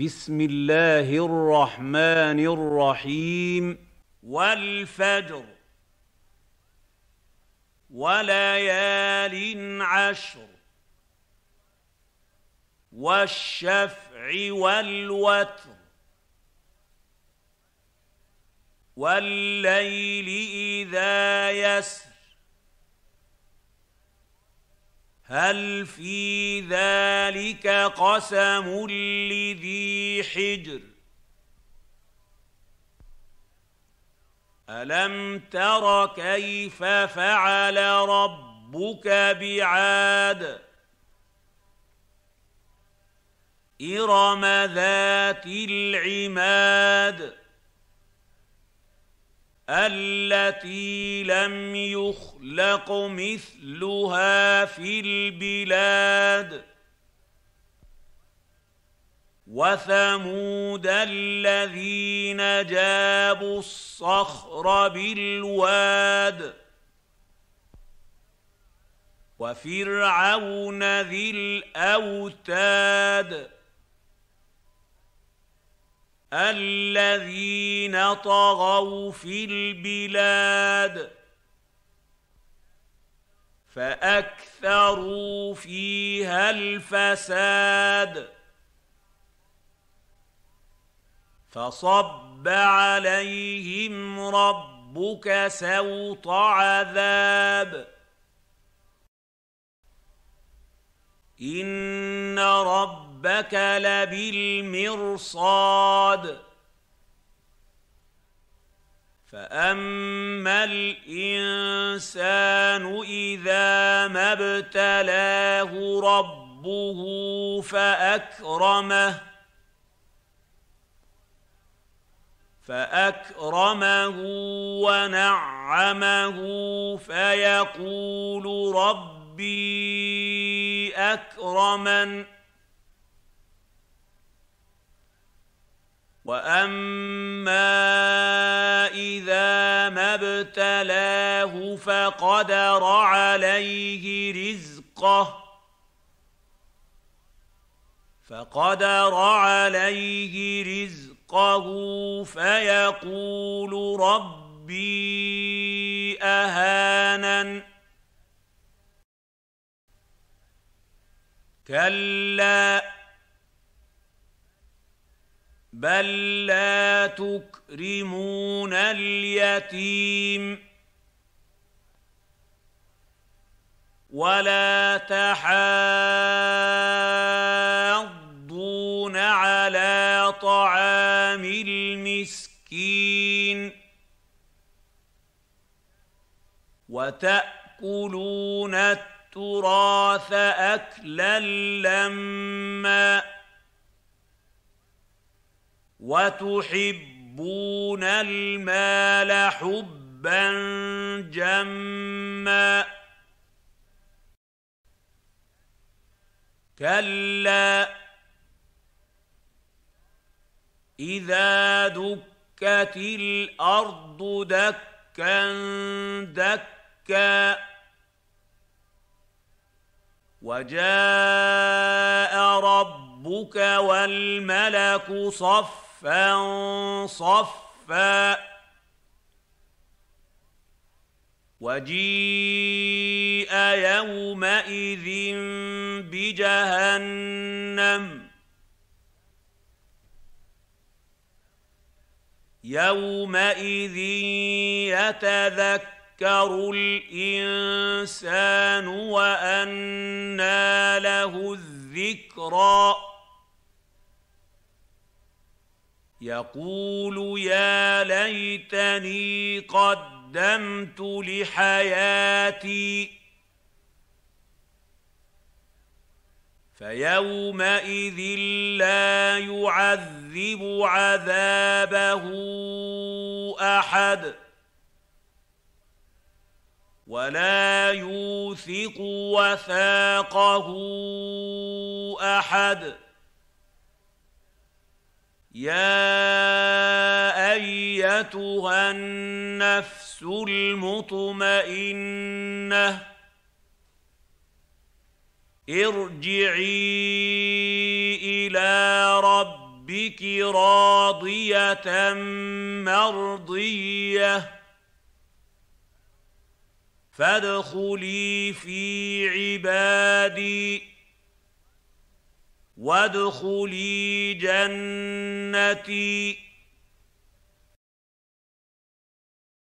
بسم الله الرحمن الرحيم والفجر وليال عشر والشفع والوتر والليل اذا يسر هل في ذلك قسم لذي حجر الم تر كيف فعل ربك بعاد ارم ذات العماد التي لم يخلق مثلها في البلاد وثمود الذين جابوا الصخر بالواد وفرعون ذي الاوتاد الذين طغوا في البلاد فاكثروا فيها الفساد فصب عليهم ربك سوط عذاب ان ربك لبالمرصاد فاما الانسان اذا ما ابتلاه ربه فاكرمه فاكرمه ونعمه فيقول ربي اكرمن واما اذا ما ابتلاه فقدر عليه رزقه فقدر عليه رزقه رزقه فيقول ربي أهانن كلا بل لا تكرمون اليتيم ولا تحاسبون طعام المسكين وتاكلون التراث اكلا لما وتحبون المال حبا جما كلا إذا دكت الأرض دكا دكا وجاء ربك والملك صفا صفا وجيء يومئذ بجهنم يومئذ يتذكر الانسان وانى له الذكرى يقول يا ليتني قدمت لحياتي فيومئذ لا يعذب عذابه احد ولا يوثق وثاقه احد يا ايتها النفس المطمئنه ارجعي الى ربك راضيه مرضيه فادخلي في عبادي وادخلي جنتي